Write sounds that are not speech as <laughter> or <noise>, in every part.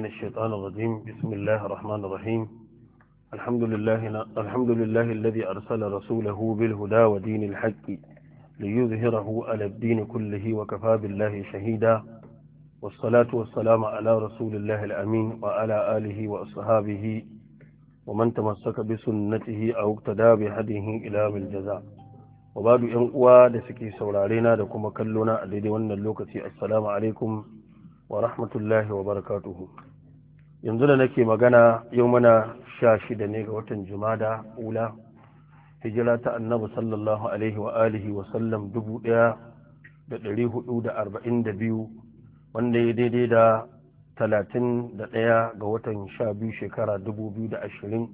من الشيطان الرجيم بسم الله الرحمن الرحيم الحمد لله الحمد لله الذي أرسل رسوله بالهدى ودين الحق ليظهره على الدين كله وكفى بالله شهيدا والصلاة والسلام على رسول الله الأمين وعلى آله وأصحابه ومن تمسك بسنته أو اقتدى بهديه إلى بالجزاء وبعد أن da سكي saurarena da kuma kallona a daidai wannan lokaci assalamu alaikum wa rahmatullahi wa barakatuhu yanzu da nake magana yau muna sha shida ne ga watan jumada ula hijira ta annabi sallallahu alaihi wa alihi wa sallam dubu ɗaya da ɗari hudu da arba'in da biyu wanda ya daidai da talatin da ɗaya ga watan sha biyu shekara dubu biyu da ashirin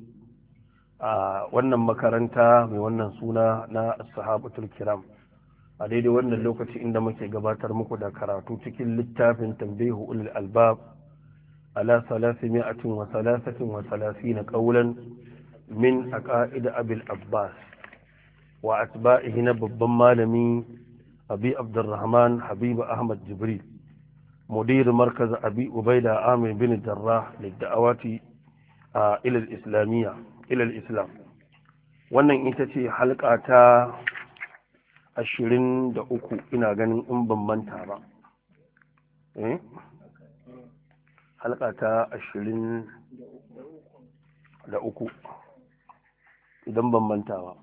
a wannan makaranta mai wannan suna na sahabatul kiram a daidai wannan lokaci inda muke gabatar muku da karatu cikin littafin tambayi ulul albab على ثلاثمائة وثلاثة وثلاثين قولا من أقائد أبي العباس وأتباعه نبب مالمي أبي عبد الرحمن حبيب أحمد جبريل مدير مركز أبي أبيدة عامر بن الجراح للدعوات إلى الإسلامية إلى الإسلام wannan ita ce halka ta ashirin da uku ina ganin in ban manta ba halka ta ashirin da uku idan bambantawa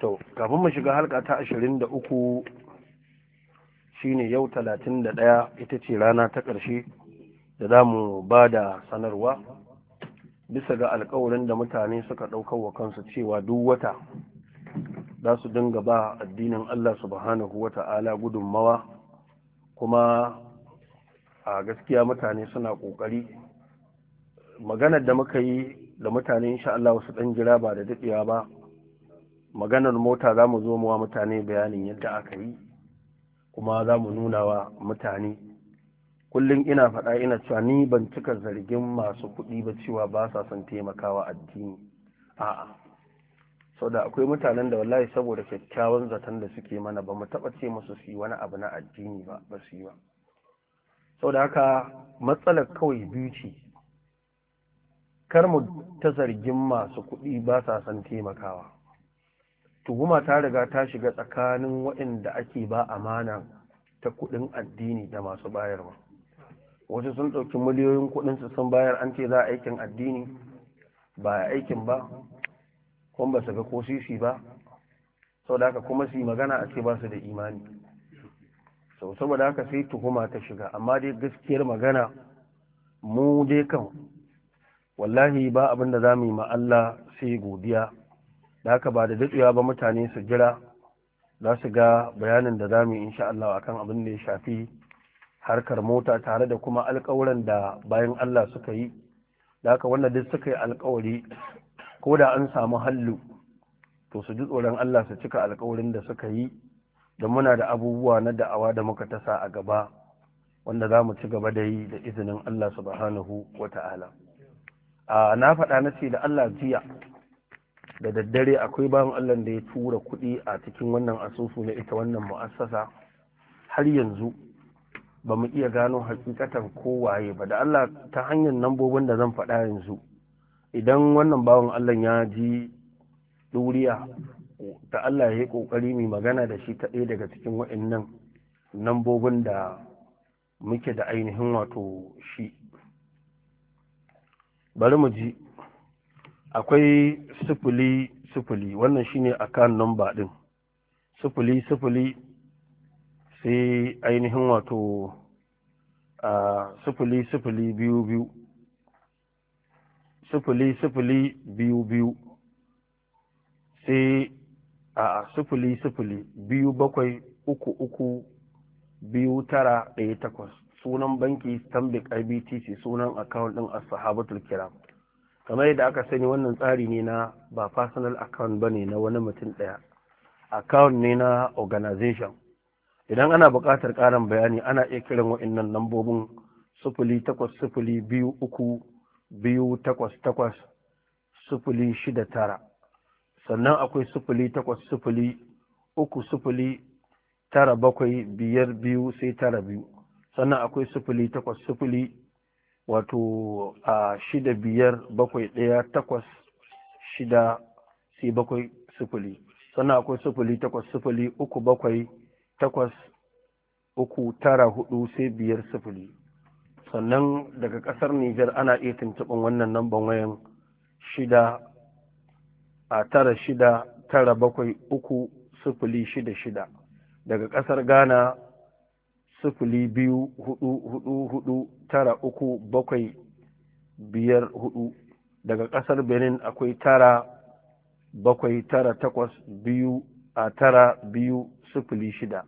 to kafin mu shiga halka ta ashirin da uku shine yau talatin da ɗaya ita ce rana ta ƙarshe da za mu ba da sanarwa bisa ga alkawarin da mutane suka ɗaukar wa kansu cewa duk wata za su dinga ba addinin Allah subhanahu wa ta'ala gudunmawa kuma a gaskiya mutane suna ƙoƙari maganar da muka yi da mutane insha Allah wasu ɗan jira ba da daɗewa ba maganar mota za mu zo muwa mutane bayanin yadda aka yi kuma za mu nuna wa mutane kullum ina faɗa ina cewa ni ban cika zargin masu kuɗi ba cewa ba sa son taimakawa addini a'a da akwai mutanen da wallahi saboda kyakkyawan zaton da suke mana ba mu taɓa ce musu su yi wani abu na addini ba ba su yi ba saboda haka matsalar kawai biyu ce kar mu ta zargin masu kuɗi ba sa son taimakawa tuhuma ta riga ta shiga tsakanin waɗanda ake ba amana ta kuɗin addini da masu bayarwa wasu sun ɗauki miliyoyin kuɗinsu sun bayar an ce za a aikin addini ba a aikin ba kuma ba su ga ko ba sau da haka kuma su yi magana a ce ba su da imani sau saboda haka sai tuhuma ta shiga amma dai gaskiyar magana mu dai kan wallahi ba abin da za mu yi ma Allah sai godiya da haka ba da daɗewa ba mutane su jira za su ga bayanin da za mu yi insha Allah akan abin da ya shafi harkar mota tare da kuma alƙawuran da bayan Allah suka yi da haka wanda duk suka yi alƙawari ko da an samu hallu to su ji tsoron Allah su cika alƙawarin da suka yi da muna da abubuwa na da'awa da muka tasa a gaba wanda za mu ci gaba da yi da izinin Allah subhanahu wa ta'ala na faɗa na ce da Allah jiya da daddare akwai bayan Allah da ya tura kuɗi a cikin wannan asusu na ita wannan mu'assasa har yanzu ba mu iya gano hakikatan kowaye ba da Allah ta hanyar nambobin da zan faɗa yanzu idan wannan bawan Allah ya ji duriya da Allah ya yi ƙoƙari mai magana da shi ta ɗaya daga cikin waɗannan nambobin da muke da ainihin wato shi bari mu ji akwai sufuli sufuli wannan shine akan number ɗin sufuli sufuli sai ainihin wato a sufuli sufuli biyu biyu sufuli sufuli biyu biyu sai a sufuli sufuli biyu bakwai uku uku biyu tara ɗaya takwas sunan banki stanbic ibtc sunan account ɗin ashabatul kiram kamar yadda aka sani wannan tsari ne na ba personal account ba ne na wani mutum ɗaya account ne na organization idan ana buƙatar ƙarin bayani ana iya kiran wa'annan lambobin sufuli takwas sufuli biyu uku biyu takwas takwas sufuli shida tara sannan akwai sufuli takwas sufuli uku sufuli tara bakwai biyar biyu sai tara biyu sannan akwai sufuli takwas sufuli wato a shida biyar bakwai ɗaya takwas shida sai bakwai sufuli sannan akwai sufuli takwas sufuli uku bakwai takwas uku tara hudu sai biyar sufuli sannan daga ƙasar Nijar ana iya tuntuɓin wannan namban wayan shida a tara shida tara bakwai uku sufuli shida shida daga ƙasar ghana sufuli biyu hudu hudu hudu tara uku bakwai biyar hudu daga ƙasar benin akwai tara bakwai tara takwas biyu a tara biyu sufuli shida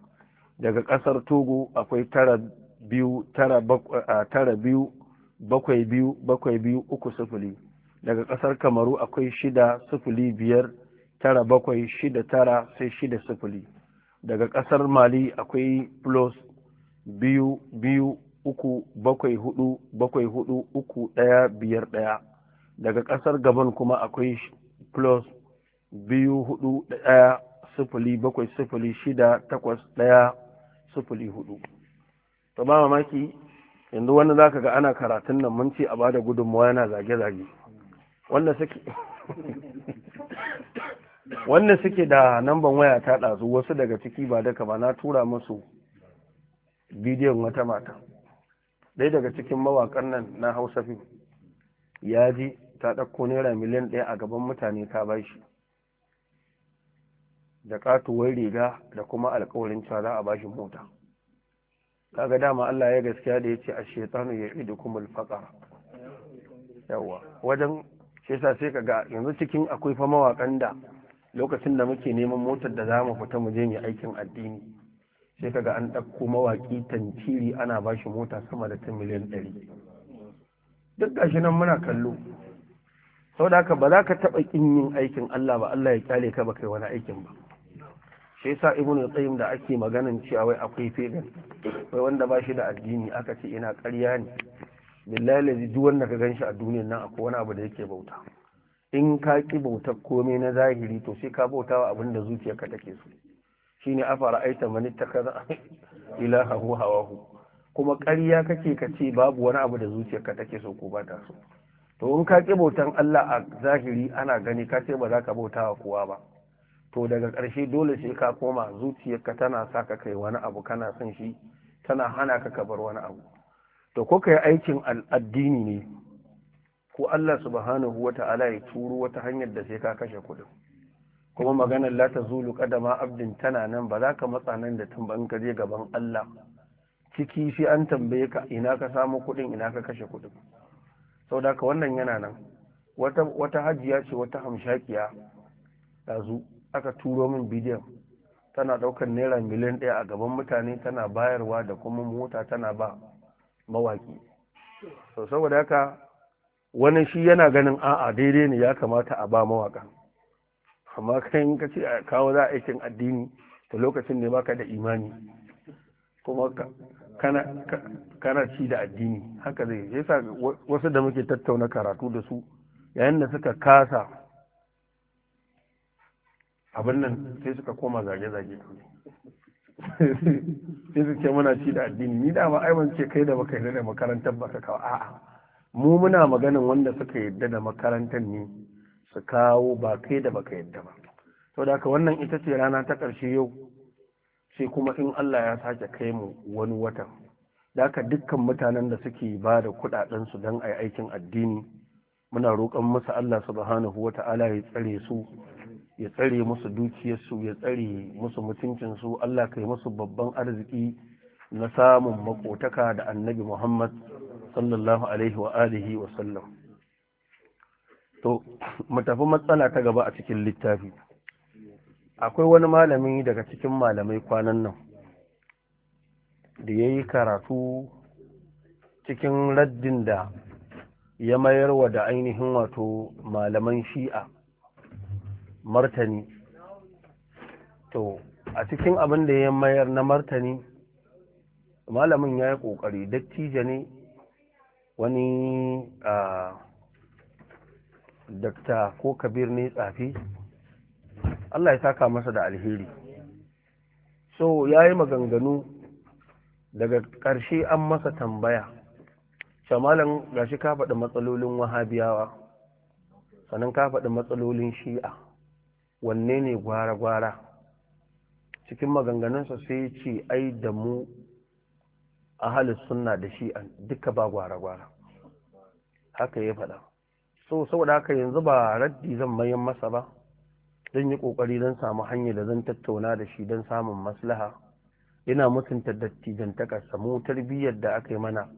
daga ƙasar togo akwai tara biyu tara biyu bakwai biyu bakwai biyu uku sufuli daga ƙasar kamaru akwai shida sufuli biyar tara bakwai shida tara sai shida sufuli daga ƙasar mali akwai plus biyu biyu uku bakwai hudu bakwai hudu uku ɗaya biyar ɗaya daga ƙasar gabon kuma akwai plus biyu hudu ɗaya sufuli bakwai sufuli shida takwas ɗaya sufuli hudu to ba mamaki yanzu wani za ka ga ana karatun nan mun ce a bada gudunmawa yana zage-zage wanda suke suke da namban waya ta ɗazu wasu daga ciki ba daka ba na tura musu bidiyon wata mata ɗaya daga cikin mawaƙan nan na hausa fi ya ji ta ɗauko naira miliyan ɗaya a gaban mutane ta shi da wai riga da kuma alƙawarin cewa za a ba shi mota kaga dama Allah ya gaskiya da ya ce a shaitanu ya idu kuma alfaƙa yawa wajen shi yasa sai kaga yanzu cikin akwai fa mawakan da lokacin da muke neman motar da zamu fita mu je mu aikin addini sai kaga an ɗauko mawaki tantiri ana ba shi mota sama da ta miliyan ɗari duk gashi nan muna kallo saboda haka ba za ka taɓa ƙin yin aikin Allah ba Allah ya kyale ka ba kai wani aikin ba shi yasa ibn qayyim da ake maganan cewa wai akwai fegan wai wanda ba shi da addini aka ce ina ƙarya ne billahi ne duk wanda ka ganshi a duniyar nan akwai wani abu da yake bauta in ka ki bautar komai na zahiri to sai ka bauta wa abin da zuciyarka take so a afara aita man ittakaza ilaha hu kuma ƙarya kake ka ce babu wani abu da zuciyarka take so ko ba ta so to in ka ki bautan Allah a zahiri ana gani ka ce ba za ka bauta wa kowa ba to daga ƙarshe dole sai ka koma zuciyarka tana sa ka kai wani abu kana son shi tana hana ka ka bar wani abu to ko yi aikin addini ne ko Allah subhanahu wata'ala ya turo wata hanyar da sai ka kashe kuɗin kuma maganar la Zulu kadama abdin tana nan ba za ka matsa nan da tun ban ka je gaban Allah ciki sai an tambaye ka ina ka samu kuɗin ina ka kashe kuɗin saboda ka wannan yana nan wata wata hajiya ce wata hamshakiya dazu aka turo min bidiyon tana ɗaukar naira miliyan ɗaya a gaban mutane tana bayarwa da kuma mota tana ba mawaki so saboda haka wani shi yana ganin a'a daidai ne ya kamata a ba mawaka amma kai in ka ce a kawo za aikin addini ta lokacin ne baka da imani kuma kana kana ci da addini haka zai yasa wasu da muke tattauna karatu da su yayin da suka kasa abin nan sai suka koma zage-zage <laughs> sai ce muna ci da addini ni da ba ai ban ce kai da baka yarda da makarantar baka kawo a'a mu muna maganin wanda suka yarda da makarantar ne su kawo ba kai da baka yarda ba to da wannan ita ce rana ta ƙarshe yau sai kuma in Allah ya sake kai mu wani watan da ka dukkan mutanen da suke ba da kuɗaɗen su don ai aikin addini muna roƙon masa Allah subhanahu wata'ala ya tsare su ya tsare musu dukiyarsu ya tsare musu su, Allah kai musu babban arziki na samun makotaka da annabi Muhammad sallallahu alaihi wa alihi wa sallam to mu tafi matsala ta gaba a cikin littafi akwai wani malami daga cikin malamai kwanan nan da ya yi karatu cikin raddin da ya mayar wa da ainihin wato malaman shi'a martani to a cikin abin da ya mayar na martani malamin ya yi ƙoƙari dattijo ne wani a dakta ko kabir ne tsafi Allah ya saka masa da alheri so ya yi maganganu daga ƙarshe an masa tambaya shamalan gashi ka faɗi matsalolin wahabiyawa sannan ka faɗi matsalolin shi'a wanne ne gwara-gwara cikin maganganunsa sai ce ai da mu ahalin sunna da shi duka ba gwara-gwara haka ya faɗa so saboda haka yanzu ba raddi zan mayan masa ba zan yi ƙoƙari don samu hanyar da zan tattauna da shi don samun maslaha ina mutunta takasa. mu tarbiyyar da aka yi mana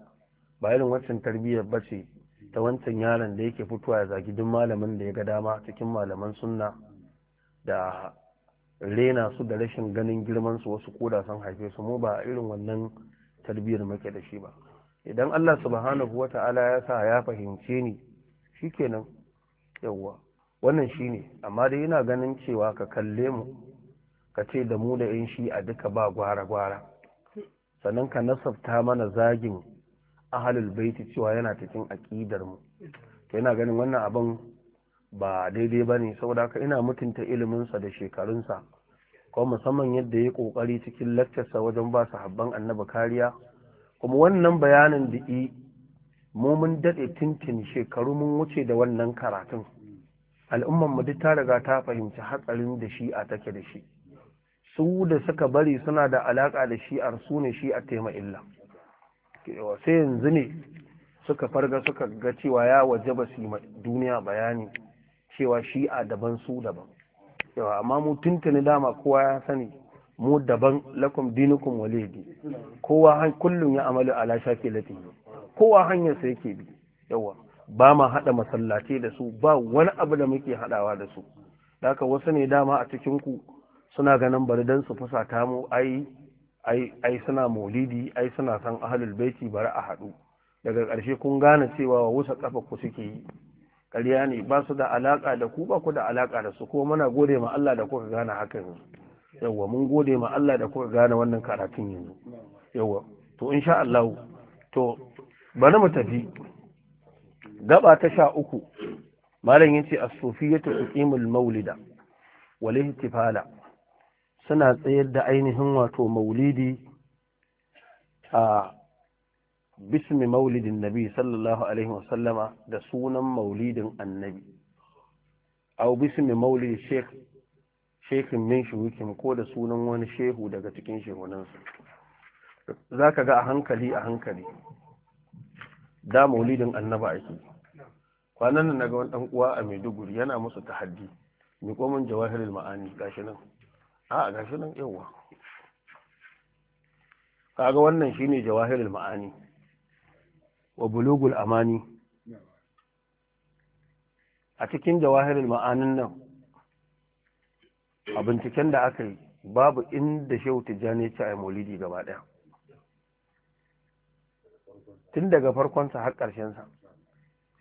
ba irin wancan tarbiyyar ba ce ta wancan yaron da yake fitowa ya zagi duk malamin da ya ga dama cikin malaman sunna da rena su da rashin ganin girman su wasu koda sun haife su mu ba irin wannan tarbiyyar muke da shi ba idan Allah subhanahu wata'ala ya sa ya fahimce ni shikenan yawwa wannan shine amma dai ina ganin cewa ka kalle mu ka ce da mu da yan shi a duka ba gwara-gwara sannan ka nasabta mana zagin ahalul baiti cewa yana cikin aƙidar mu to yana ganin wannan abin ba daidai ba ne saboda haka ina mutunta iliminsa da shekarunsa kuma musamman yadda ya kokari cikin lakcarsa wajen ba su habban annabi kariya kuma wannan bayanin da yi mu mun daɗe tintin shekaru mun wuce da wannan karatun al'umman mu duk ta riga ta fahimci hatsarin da shi a take da shi su da suka bari suna da alaka da shi shi'ar su ne shi'a tema illa sai yanzu ne suka farga suka ga cewa ya waje ba su duniya bayani cewa shi a daban su daban yawa amma mu tuntuni dama kowa ya sani mu daban lakum dinukum walidi kowa kullum ya amalu ala latin kowa hanyar sa yake bi yawa ba ma haɗa masallaci da su ba wani abu da muke haɗawa da su haka wasu ne dama a cikin ku suna ganin bari dan su fusata mu ai suna maulidi ai suna san ahlul baiti bari a haɗu. daga ƙarshe kun gane cewa wusa kafa ku suke yi ƙarya ne ba su da alaƙa da ku ba ku da alaƙa da su ko muna gode ma Allah da kuka gane hakan yawwa mun gode ma Allah da kuka gane wannan karatun yanzu yawwa to insha Allah to bari mu tafi gaba ta sha uku malam yace as-sufiyatu tuqimul maulida wal ihtifala suna tsayar da ainihin wato maulidi a bismi maulidin nabi sallallahu alaihi wasallama da sunan maulidin annabi au bismi maulid sheikh shekin min shuhukin ko da sunan wani shehu daga cikin shehunansu za ka ga a hankali a hankali da maulidin annaba ake kwanan nan naga wani dan uwa a maiduguri yana musu tahaddi mi komin jawahirul ma'ani gashi nan a gashi nan yawa kaga wannan shine jawahirul ma'ani wa bulugul amani a cikin jawahirin ma'anin nan a binciken da aka yi babu inda shehu tijjani ci a maulidi gaba ɗaya tun daga farkonsa har ƙarshensa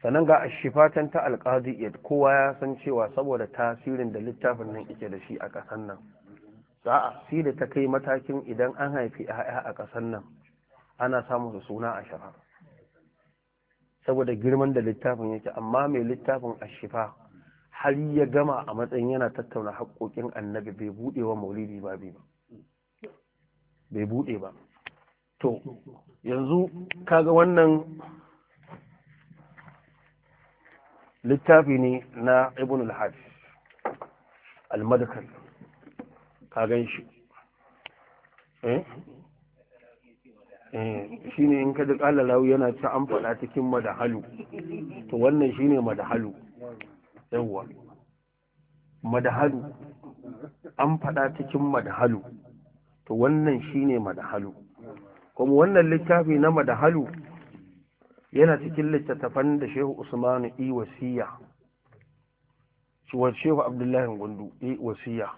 sannan ga shifatan ta alƙadiyyar kowa ya san cewa saboda tasirin da littafin nan ike da shi a ƙasan nan za a da ta kai matakin idan an haifi 'ya'ya a ƙasan nan ana samun su suna a shafar saboda girman da littafin yake amma mai littafin ashifa har ya gama a matsayin yana tattauna haƙoƙin annabi bai buɗe wa maulidi ba bai bai buɗe ba to yanzu kaga wannan littafi ne na ibn al-hajj al ka gan shi eh? Eh, shine in ka ji ƙala lawu yana ci an faɗa cikin madahalu to wannan shine madahalu yawwa madahalu an faɗa cikin madahalu to wannan shine madahalu kuma wannan littafi na madahalu yana cikin littattafan da shehu usmanu i wasiya shehu abdullahi gundu i wasiya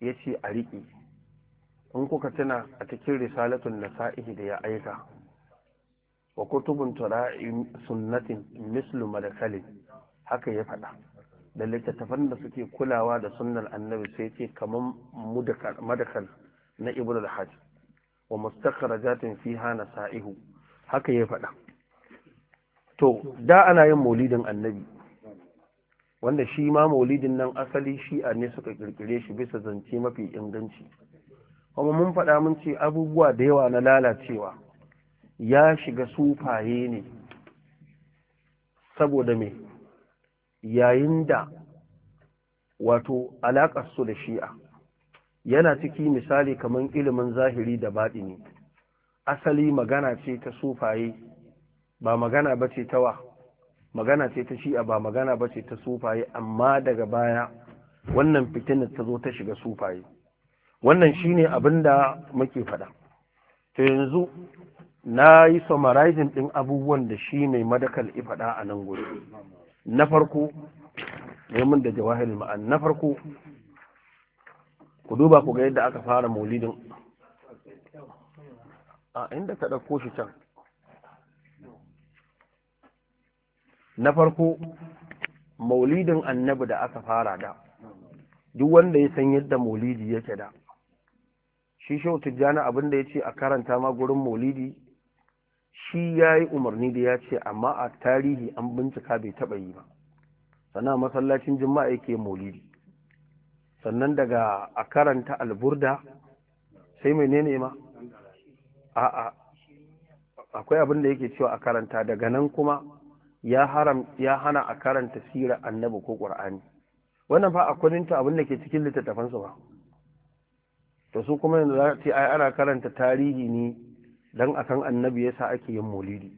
ya ce a riƙe in kuka tuna a cikin risalatun nasa'ihi da ya aika wa kutubun tura'in sunnatin mislu madakali haka ya faɗa da littattafan da suke kulawa da sunnar annabi sai ce kamar madakal na ibnu al-hajj wa mustakhrajatin fiha nasaihu haka ya faɗa to da ana yin maulidin annabi wanda shi ma maulidin nan asali shi ne suka kirkire shi bisa zance mafi inganci kuma mun faɗa mun ce abubuwa da yawa na lalacewa ya shiga sufaye ne saboda me yayin da wato su da shi'a yana ciki misali kamar ilimin zahiri da ne. asali magana ce ta sufaye ba magana ba ce ta wa magana ce ta shi'a ba magana ba ce ta sufaye amma daga baya wannan fitinar ta zo ta shiga sufaye wannan ne abin da muke faɗa to yanzu na yi summarizing ɗin abubuwan da shi mai madakal ifaɗa a nan guri na farko neman da jawahir ma'an na farko ku duba ku ga yadda aka fara maulidin a inda ta ɗauko shi can na farko maulidin annabi da aka fara da duk wanda ya san yadda maulidi yake da shi shehu tijjani abin da ya ce a karanta ma gurin maulidi shi ya yi umarni da ya ce amma a tarihi an bincika bai taɓa yi ba sannan masallacin juma'a yake maulidi sannan daga a karanta alburda sai mai ne ma a'a akwai abin da yake cewa a karanta daga nan kuma ya haram ya hana a karanta sirar annabi ko Ƙur'ani. wannan fa a kuninta abin da ke cikin littattafansa ba to su kuma yanzu za ce ai ana karanta tarihi ne dan kan annabi yasa ake yin maulidi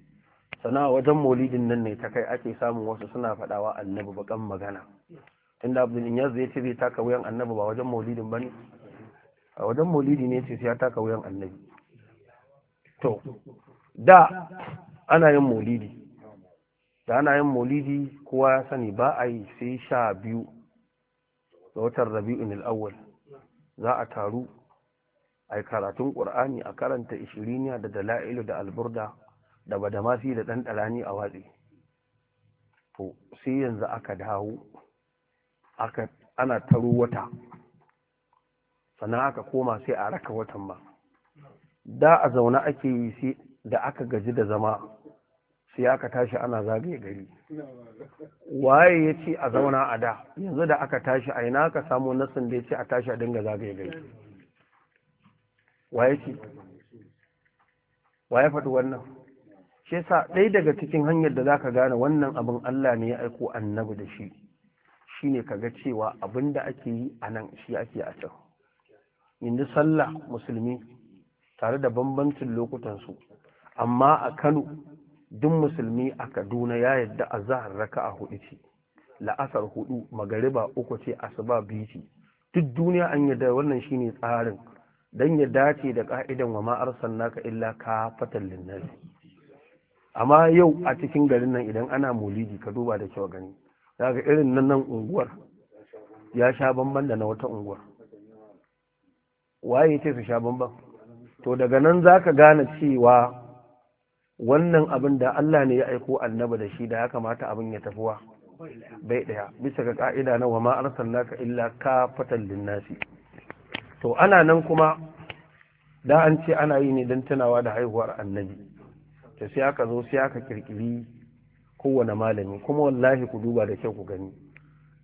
sana wajen maulidin nan ne ta kai ake samun wasu suna faɗawa annabi kan magana inda abdul inyaz zai ce zai taka wuyan annabi ba wajen maulidin ne a wajen maulidi ne ce sai ya taka wuyan annabi to da ana yin maulidi da ana yin maulidi kowa ya sani ba a yi sai sha biyu ga watan rabi'un al'awwal za a taru ai karatun qur'ani a karanta ishiriniya da dala'ilu da alburda da badamasi da dan dalani a watsi to sai yanzu aka dawo aka ana taro wata sannan aka koma sai a raka watan ma da a zaune ake yi sai da aka gaji da zama sai aka tashi ana zagaye gari waye ya ce a zauna a da yanzu da aka tashi a ina aka samu nasin da ya ce a tashi a dinga zagaye gari waye ce waye faɗi wannan shi yasa ɗaya daga cikin hanyar da zaka gane wannan abin Allah ne ya aiko annabi da shi shine kaga cewa abin da ake yi a nan shi ake a can yanzu sallah musulmi tare da bambancin lokutansu amma a Kano duk musulmi a Kaduna ya yadda a zahar raka a hudu ce la'asar hudu magariba uku ce asuba biyu ce duk duniya an yadda wannan shine tsarin dan ya dace da ka'idan wa ma naka illa ka kafatan linnasi, amma yau a cikin garin nan idan ana mulidi ka duba da kyau gani daga irin nan nan unguwar ya sha bamban da na wata unguwar waye ce su sha bamban to daga nan zaka gane cewa wannan abin da Allah ne ya aiko annabi da shi da ya kamata abin ya tafuwa bai daya bisa ga ka'ida na wa ma naka illa ka kafatan linnasi to ana nan kuma da an ce ana yi ne don tunawa da haihuwar annabi ta sai aka zo sai aka kirkiri kowane malami kuma wallahi ku duba da kyau ku gani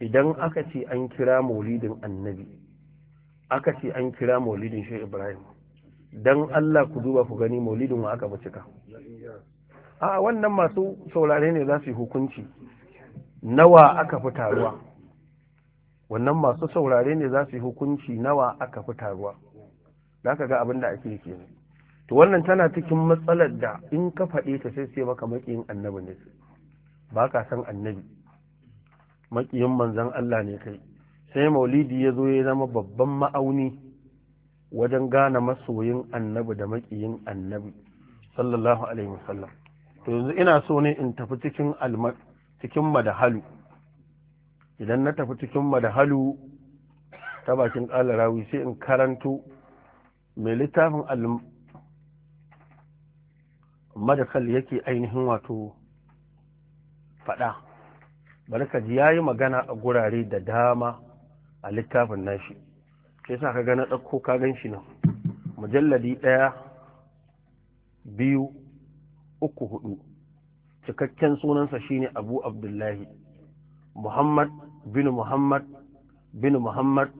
idan aka ce an kira maulidin annabi aka ce an kira maulidin shi ibrahim dan allah ku duba ku gani maulidin wa aka bacika a wannan masu saurare ne za su yi hukunci nawa aka fi taruwa wannan masu saurare ne za su yi hukunci nawa aka fi taruwa za ka ga abin da ake ke to wannan tana cikin matsalar da in ka faɗe ta sai sai maka maƙiyin annabi ne ba ka san annabi maƙiyin manzon Allah ne kai sai maulidi ya zo ya zama babban ma'auni wajen gane masoyin annabi da maƙiyin annabi sallallahu alaihi wasallam to yanzu ina so ne in tafi cikin cikin madahalu idan na tafi cikin madahalu ta bakin ƙala rawi sai in karanto mai littafin al-madakal yake ainihin wato faɗa barkaji ya yi magana a gurare da dama a littafin nashi sai sa ka gana ɗauko ka gan shi nan mujalladi ɗaya biyu uku hudu cikakken sunansa shine abu abdullahi muhammad bin muhammad bin muhammad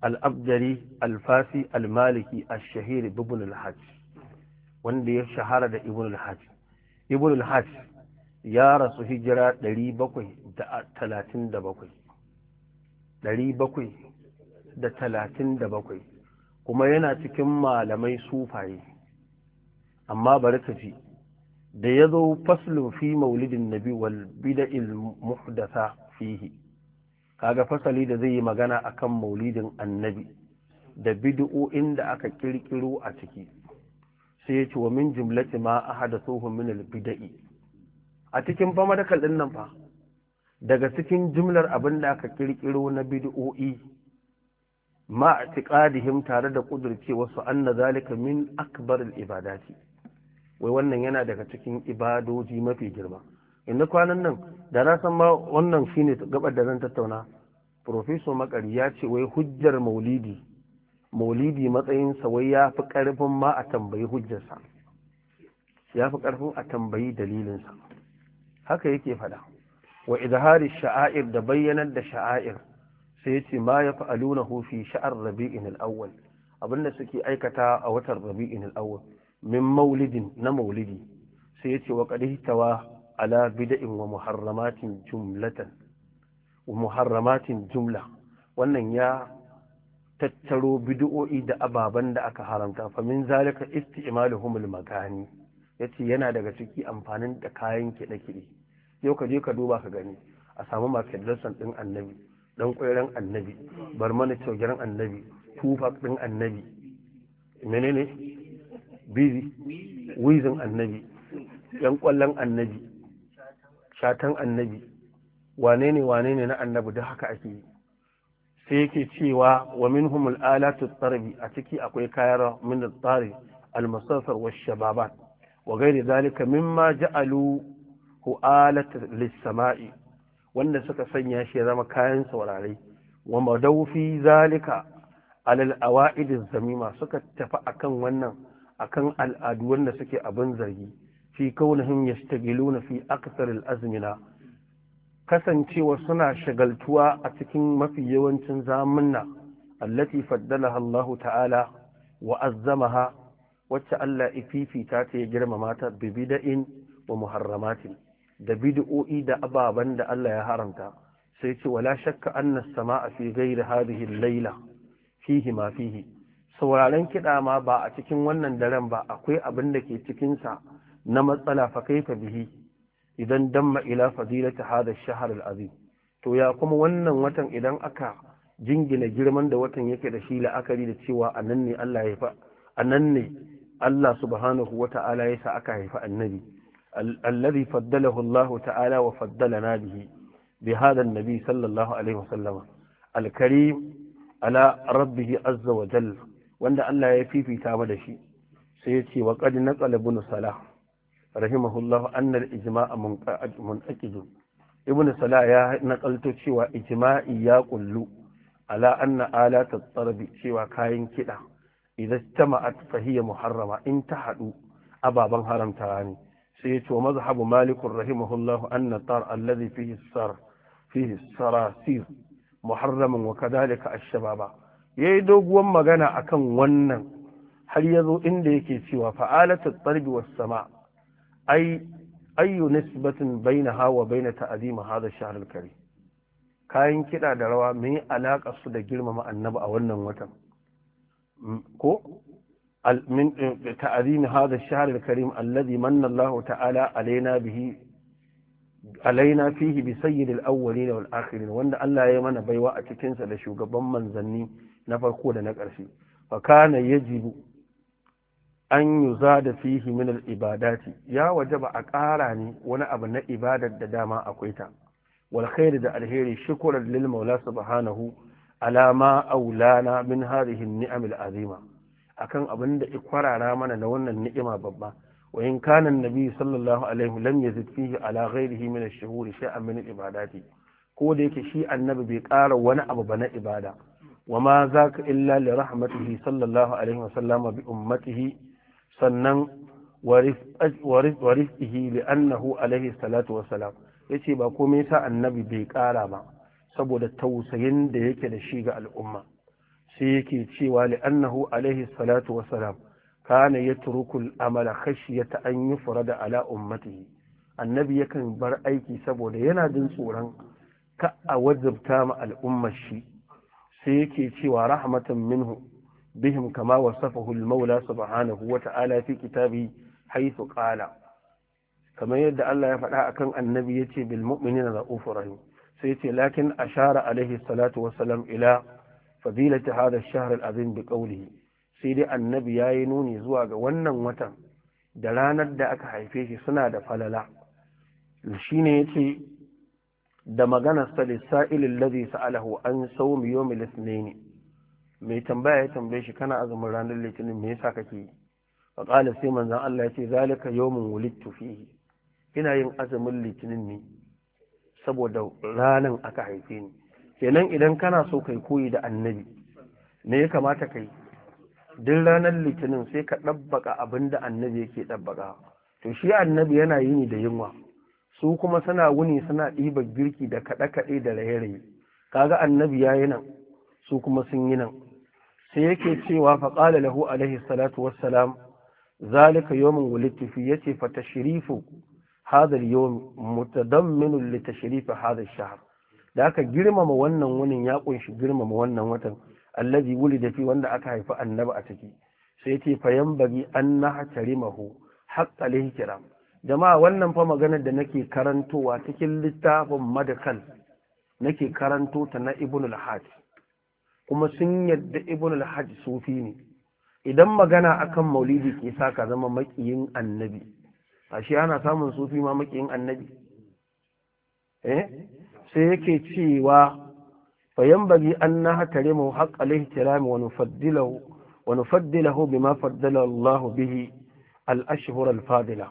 Al-Abdali, al'abdari alfasi almaliki ashahir ibn al-hajj wanda ya shahara da ibn al-hajj ibn al-hajj ya rasu hijira 737 737 kuma yana cikin malamai sufaye amma bari ka ji da ya zo faslun fi maulidin nabi wal bida'il muhdatha fihi kaga fasali da zai yi magana akan maulidin annabi da bid'o'in da aka kirkiro a ciki sai ya ce wa min jumlati ma ahadathuhu min albida'i bidi a cikin fama da kallin nan fa daga cikin jimlar abin da aka kirkiro na bid'o'i ma atiqadihim tare da kudurce wasu anna zalika min akbar al'ibadati wai wannan yana daga cikin ibadoji mafi girma inda kwanan nan da na san ma wannan shine gabar da zan tattauna profesor makari ya ce wai hujjar maulidi maulidi matsayin wai ya fi karfin ma a tambayi ya fi karfin a tambayi dalilinsa haka yake faɗa wa izhari sha'air da bayyanar da sha'air sai ya ce ma ya fa'alunahu fi sha'ar rabi'in al-awwal abinda suke aikata a watan rabi'in al-awwal min maulidin na maulidi sai ya ce wa qad ala bida'in wa muharramatin wa muharramatin jumla wannan ya tattaro bid'o'i da ababen da aka haramta fa min zalika isti'maluhumul magani yace yana daga ciki amfanin da kayan kiɗe kiɗe yau ka je ka duba ka gani a samu makedasan din annabi dan koyaren annabi barmana taugiran annabi tufak din annabi menene bizi wizin annabi yan kwallon annabi shatan annabi wane ne wane ne na annabi da haka ake yi sai yake cewa wa minhum alatu tarbi a ciki akwai kayan min tsari almasasar wa shababat wa gairi zalika mimma ja'alu hu alatu lissama'i wanda suka sanya shi zama kayan saurare wa madawfi zalika alal awa'id zamima suka tafi akan wannan akan al'adu wanda suke abin zargi fi kaunihim yashtagiluna fi aktsar azmina kasancewa suna shagaltuwa a cikin mafi yawancin zamunna. allati faddala Allah ta'ala wa azzamaha wacce Allah ififita ta ya girmama ta bi bid'in wa muharramatin da bid'o'i da ababan da Allah ya haramta sai ce wala shakka anna as-sama'a fi ghayri hadhihi al-layla fihi ma fihi sauraren kiɗa ma ba a cikin wannan daren ba akwai abin da ke cikinsa na matsala fa kaifa bihi idan damma ila fadilati hada ash-shahr to ya kuma wannan watan idan aka jingina girman da watan yake da shi la'akari da cewa anan ne Allah ya fa anan ne Allah subhanahu ya sa aka haifa annabi alladhi faddalahu Allah ta'ala wa faddalana bihi bi hada annabi sallallahu alaihi wasallam al-karim ala rabbihi azza wa jalla wanda Allah ya fifita ba da shi sai ya ce wa qad naqala ibn salah rahimahullahu annal ijma'a munqaqid ibnu salah ya nakalto cewa ijma'i ya kullu ala anna alat at-tarbi cewa kayan kida idan tama'at fahiya muharrama in ta hadu ababan haramta ne sai ya ce wa mazhabu malik rahimahullah anna tar alladhi fihi sar fihi sarasir muharraman wa kadhalika ash-shababa yayi doguwar magana akan wannan har yazo inda yake cewa fa'alatu at-tarbi was-sama' ai ayyu nisbatin bainaha wa baina ta'zim hadha ash-shahr al kayan kiɗa da rawa me alaka su da girmama annabi a wannan watan ko من تعظيم هذا الشهر الكريم الذي من الله alaina fihi bi sayyidil awwalin wal akhirin wanda Allah ya mana baiwa a cikin sa da shugaban manzanni na farko da na ƙarshe fa kana yajibu an yi za da fihi minal ibadati ya waje ba a ƙara ne wani abu na ibadar da dama akwai ta wal khairi da alheri shukurar lil maula subhanahu alama aulana min hadhihi ni'amil azima akan abin da ikwarara mana na wannan ni'ima babba wa in kana annabi sallallahu alaihi lam yazid fihi ala ghairihi min ash-shuhur shay'an min ibadati ko da yake shi annabi bai ƙara wani abu ba na ibada wa ma zaka illa li rahmatihi sallallahu alaihi wa bi ummatihi sannan warif'ihi li'annahu alaihi salatu ya yace ba komai sa annabi bai kara ba saboda tausayin da yake da shi ga al'umma sai yake cewa li'annahu alaihi salatu wassalam kana yatrukul amala khashyata an yufrada ala ummatihi annabi yakan bar aiki saboda yana jin tsoron ka a wajabta ma al'ummar shi sai yake cewa rahmatan minhu bihim kama wasafahu al-maula subhanahu wa ta'ala fi kitabi haythu qala kamar yadda Allah ya faɗa akan annabi yace bilmuminin mu'minina ra'ufur rahim sai yace lakin ashara alaihi salatu wa ila fadilati hadha ash-shahr al-azim bi qawlihi sai dai annabi ya yi nuni zuwa ga wannan watan da ranar da aka haife shi suna da falala shine yace da maganar sa lissa'ilin ladhi sa'alahu an sawmi yawmil ithnain mai tambaya ya tambaye shi kana azumin ranar litinin me yasa kake yi fa qala sai manzon Allah ya ce zalika yawmun wulidtu fihi ina yin azumin litinin ne saboda ranan aka haife ni kenan idan kana so kai koyi da annabi me ya kamata kai duk ranar litinin sai ka ɗabbaka abinda annabi yake ɗabbaka to shi annabi yana yi yini da yunwa su kuma suna wuni suna ɗiba girki da kaɗe-kaɗe da raye-raye kaga annabi ya yi nan su kuma sun yi nan sai yake cewa faƙala lahu alaihi salatu wassalam zalika yawmun wulidtu fi yace fa tashrifu hadha al-yawm mutadammin li tashrifi hadha ash-shahr da aka girmama wannan wunin ya kunshi girmama wannan watan allazi wulida fi wanda aka haifi annabi a ciki sai yace fa yambagi an nahtarimahu haqqa al-ihtiram jama'a wannan fa maganar da nake karantowa cikin littafin madakal nake karanto ta na ibnul hadi kuma sun yadda ibn al-hajj sufi ne idan magana akan maulidi ke sa ka zama makiyin annabi ashe ana samun sufi ma makiyin annabi eh sai yake cewa fa bagi an na hatare mu haƙa wa nufaddilahu wa nufaddilahu bima faddala Allah bihi al-ashhur al-fadila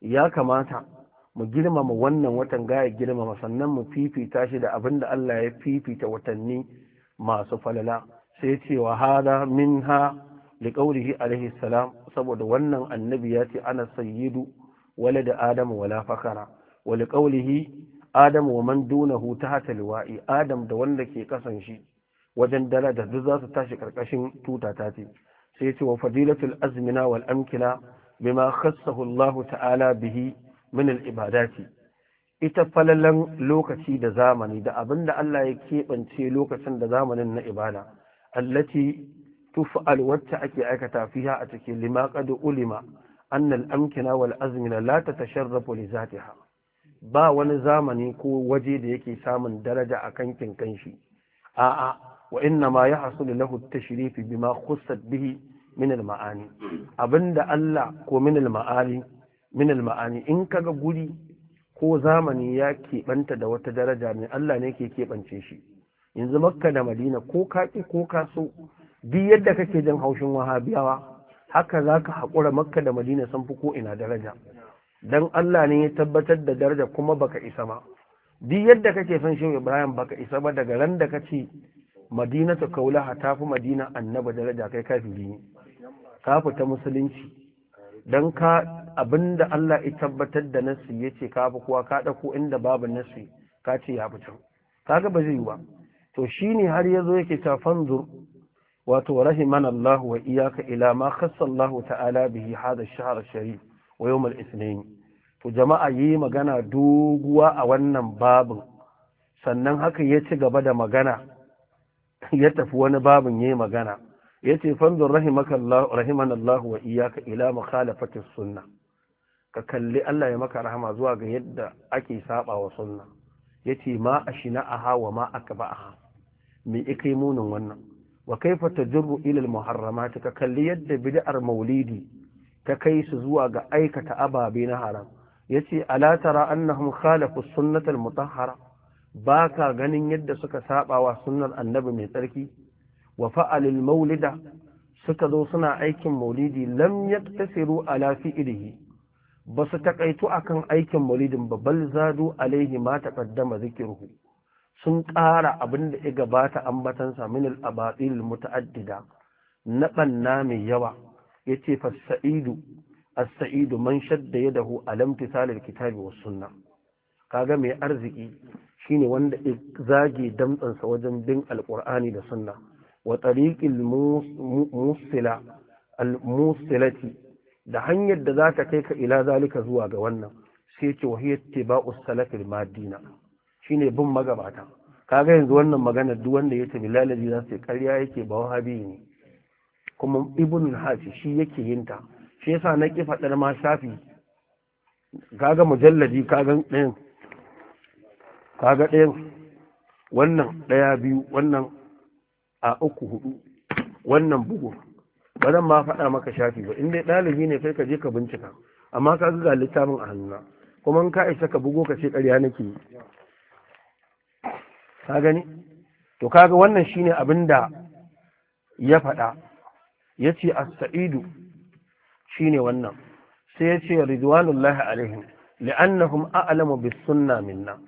ya kamata mu girmama wannan watan gaya girmama sannan mu fifita shi da abinda Allah ya fifita watanni masu falala sai ce wa ha minha liqaulihi alaihi salam saboda wannan annabi ya ce ana sayyidu da adam wala fakara wa liqaulihi adam wa man huta hata liwa'i adam da wanda ke kasan shi wajen dala da duk za su tashi karkashin tuta ta ce sai ce wa fadilatul azmina wal amkila bima khassahu Allah ta'ala bihi min al ibadati ita falalan lokaci da zamani da abin da Allah ya keɓance lokacin da zamanin na ibada allati tufa'al wacce ake aikata fiha a cikin lima ulima annal amkina wal azmina la tatasharrafu tashar zatiha ba wani zamani ko waje da yake samun daraja a kankin kanshi a'a wa inna ma yahsulu lahu ta shirifi bima khussat bihi min ma'ani abin abinda Allah ko min maani min maani in kaga guri ko zamani ya keɓanta da wata daraja mai Allah ne ke keɓance shi yanzu makka da madina ko ƙi ko so duk yadda kake jin haushin wahabiyawa haka za ka haƙura makka da madina sun fi ko ina daraja don Allah ne ya tabbatar da daraja kuma baka isa ba. duk yadda kake son shehu ibrahim baka isa ba daga ran da kace madina ta kaulaha ta fi madina annaba daraja kai kafiri ne ka fita musulunci don ka abinda Allah ya tabbatar da na ya ce ka fi kuwa ka ɗauko inda babu nasu ka ce ya fito kaga ba zai yi ba to shine har ya zo yake ta fanzur wato rahiman Allah wa iyaka ila ma khassa Allah ta'ala bihi hada shahar sharif wa yawm al-ithnain to jama'a yi magana doguwa a wannan babin sannan haka ya ci gaba da magana ya tafi wani babin yayi magana yace fanzur rahimakallahu rahiman Allah wa iyaka ila mukhalafati sunnah ka kalli Allah ya maka rahama zuwa ga yadda ake saba wa sunna yace ma ashina aha wa ma aha?" me ikai munin wannan wa kaifa tajru ila al muharramat ka kalli yadda bid'ar maulidi ta kai su zuwa ga aikata ababe na haram yace ala tara annahum khalafu sunnat al mutahhara baka ganin yadda suka saba wa sunnar annabi mai tsarki wa fa'alil maulida suka zo suna aikin maulidi lam yaktasiru ala fi'lihi ba su a akan aikin muridin babbal zadu alaihi ma taqaddama zikirhu sun ƙara abin da ya gabata ambatansa min al-abatil muta'addida na banna mai yawa yace fasaidu as-sa'idu man shadda yadahu alam tisalil kitabi was sunna kaga mai arziki shine wanda zage damtsansa wajen bin alqur'ani da sunna wa tariqil musila al-musilati da hanyar da za ta kai ka ila zalika zuwa ga wannan sai ce wahiyar tiba'us salafil madina shine bin magabata kaga yanzu wannan magana duk wanda ya tabi lalaji za su karya yake ba wahabi ne kuma ibn hafi shi yake yin ta shi yasa na ki fadar ma shafi kaga mujalladi kaga ɗayan kaga ɗayan wannan ɗaya biyu wannan a uku hudu wannan bugu ba zan ma faɗa maka shafi ba in dai ɗalibi ne kai ka je ka bincika amma ka ga littafin a hannuna kuma in ka isa ka bugo ka ce ƙarya nake yi ka gani to kaga wannan shine abin da ya faɗa ya ce as-sa'idu shine wannan sai ya ce ridwanullahi alaihim li'annahum a'lamu bis-sunna minna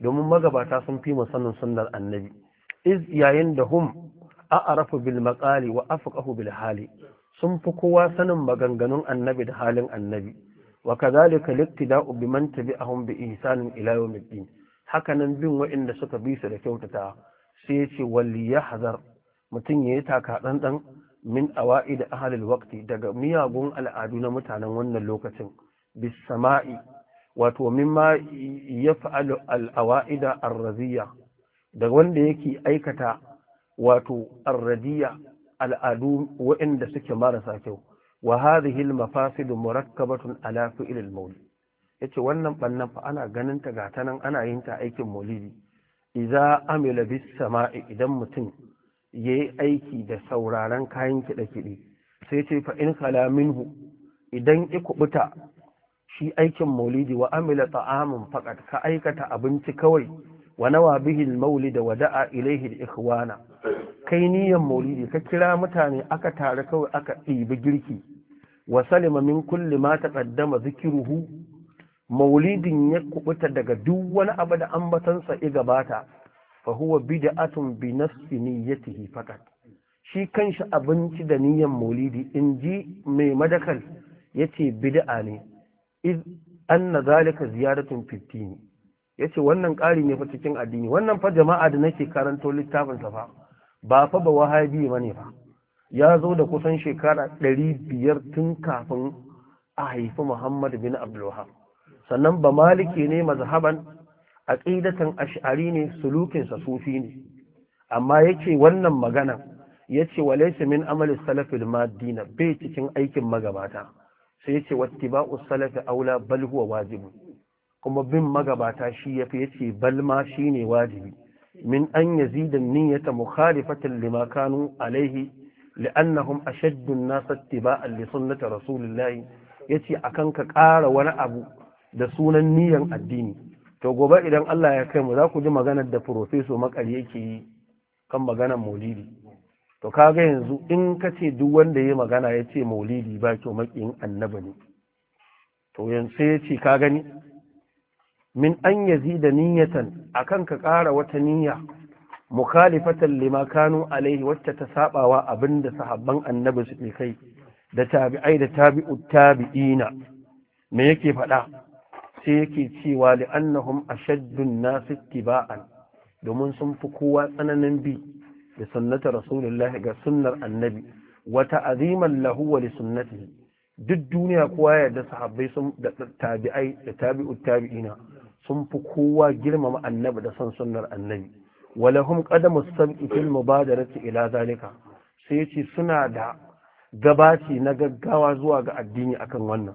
domin magabata sun fi mu sanin sunnar annabi iz yayin da hum a'rafu bil maqali wa afqahu bil hali sun fi kowa sanin maganganun annabi da halin annabi wa kadhalika liktida'u biman tabi'ahum bi ihsanin ila yawmiddin hakanan bin waɗanda suka bi su da kyautata sai ya ce wal yahzar mutum yayi taka dan min awa'id ahli waqti daga miyagun al'adu na mutanen wannan lokacin bis sama'i wato mimma ya fa'alu al'awa'ida arraziya da wanda yake aikata wato arradiya al'adu waɗanda suke marasa kyau wa hadhihi al-mafasid murakkabatun ala fi'l al mawlid yace wannan bannan fa ana ganin ta ga tanan ana yin ta aikin maulidi idza amila bis sama'i idan mutum yayi aiki da sauraron kayan kiɗe kiɗe sai ce fa in kala minhu idan ya kubuta shi aikin maulidi wa amila ta'amun faqat ka aikata abinci kawai wa nawa bihi maulida wa da'a ilaihi ikhwana kai niyan maulidi ka kira mutane aka tare kawai aka ɗibi girki wa salima min kulli ma taqaddama zikiruhu maulidin ya kubuta daga duk wani abu da ambatansa ya gabata fa huwa bid'atun bi nafsi niyyatihi faqat shi kanshi abinci da niyan maulidi in ji mai madakal yace bid'a ne iz anna zalika ziyaratun fitini ya ce wannan ƙari ne fa cikin addini wannan fa jama'a da nake karanto littafinsa fa ba fa ba wahabi ba ne fa ya zo da kusan shekara ɗari biyar tun kafin a haifi muhammad bin abdulwahab sannan ba maliki ne mazhaban aqidatan ash'ari ne sulukinsa sufi ne amma yace wannan magana yace walaysa min amali salafil madina bai cikin aikin magabata sai yace wattiba'us salafi aula bal huwa wajibun kuma bin magabata shi ya fi yace balma shi ne wajibi min an yazida niyyata mukhalifatan lima kanu alaihi li'annahum ashaddu an-nas ittiba'an li sunnati rasulillahi yace akan ka ƙara wani abu da sunan niyan addini to gobe idan Allah ya kai mu za ku ji maganar da professor makari yake yi kan maganar maulidi to kaga yanzu in ka ce duk wanda ya magana ya ce maulidi ba kyau makiyin annabi ne to yanzu sai ya ce ka gani min an yazida niyyatan akan ka ƙara wata niyya mukhalifatan lima kanu alaihi wacce ta sabawa abinda sahabban annabi suke kai da tabi'ai da tabi'utabi'ina tabi'ina me yake faɗa sai yake cewa li'annahum ashaddun nas ittiba'an domin sun fi kowa tsananin bi da sunnata rasulullahi ga sunnar annabi wa ta'ziman lahu wa li sunnatihi duk duniya kowa ya da sahabbai sun da tabi'ai da tabi'u tabi'ina sun fi kowa girmama annabi da son sunnar annabi walahum qadamu sab'i fil mubadarati ila zalika sai yace suna da gabaci na gaggawa zuwa ga addini akan wannan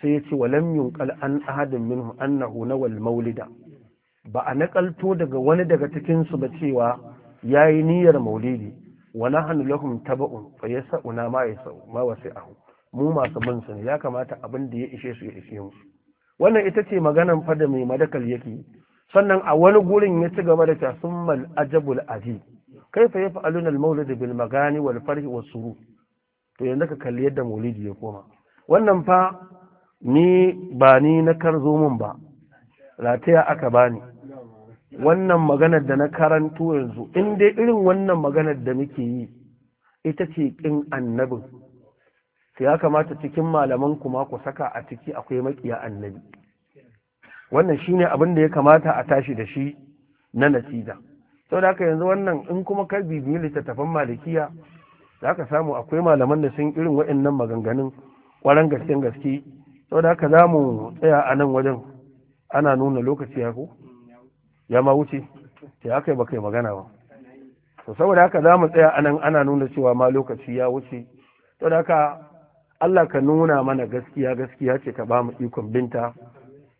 sai yace walam yunqal an ahadin minhum annahu nawal maulida ba a nakalto daga wani daga cikin su ba cewa yayi niyyar maulidi wa nahnu lahum taba'un fa yas'una ma yas'u ma wasi'ahu mu masu bin ne ya kamata abin da ya ishe su ya ishe mu wannan ita ce maganan da mai madakal yake sannan a wani gurin ya ci gaba da ta summal ajabul aji kaifa yafa alunal maulidi bil magani wal farhi was suru to yanda ka kalli yadda maulidi ya koma wannan fa ni ba ni na karzo mun ba rataya aka bani wannan maganar da na karanto yanzu in dai irin wannan maganar da muke yi ita ce kin annabin to ya kamata cikin malaman kuma ku saka a ciki akwai makiya annabi wannan shine abin da ya kamata a tashi da shi na nasida saboda haka yanzu wannan in kuma ka bibiyi littattafan malikiya za ka samu akwai malaman da sun irin waɗannan maganganun ƙwaran gaske gaske saboda haka za mu tsaya a nan wajen ana nuna lokaci ya ko ya ma wuce sai haka ba kai magana ba to saboda haka za mu tsaya a nan ana nuna cewa ma lokaci ya wuce saboda haka Allah ka nuna mana gaskiya gaskiya ce ka ba mu ikon binta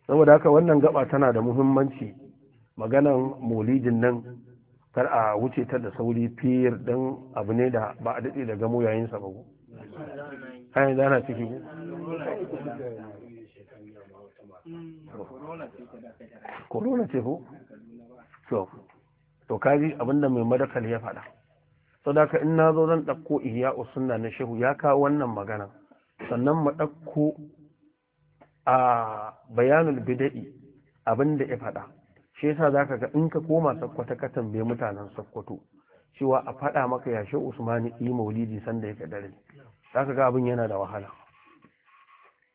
saboda haka wannan gaba tana da muhimmanci maganan maulidin nan kar a wuce ta da sauri fiyar dan abu ne da ba a daɗe da gamo yayin sa ba zana ciki ko corona ce ko so to kaji abinda mai madakal ya faɗa sadaka in na zo zan ɗauko ihya usunna na shehu ya kawo wannan maganar. sannan mu ɗauko a bayanul bida'i abin da ya faɗa shi yasa zaka ga in ka koma sakkwato ka tambaye mutanen sakkwato cewa a faɗa maka yashe usmani yi maulidi sanda yake dare zaka ga abin yana da wahala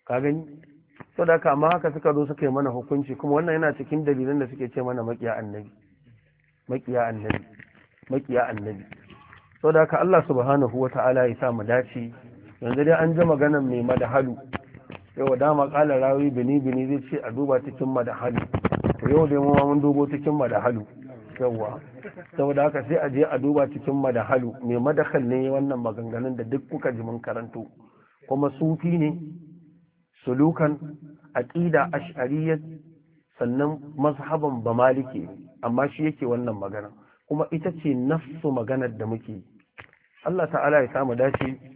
ka gani so da haka amma haka suka zo suka yi mana hukunci kuma wannan yana cikin dalilan da suke ce mana makiya annabi makiya annabi makiya annabi so da ka Allah subhanahu wata'ala ya sa mu dace yanzu dai an ji maganan mai madahalu yau da kala rawi bini bini zai ce a duba cikin madahalu to yau dai ma mun dubo cikin madahalu yawwa saboda haka sai a je a duba cikin madahalu mai madahal ne wannan maganganun da duk kuka ji mun karanto kuma sufi ne sulukan aqida ash'ariyyah sannan mazhaban ba maliki amma shi yake wannan magana kuma ita ce nafsu maganar da muke Allah ta'ala ya samu dace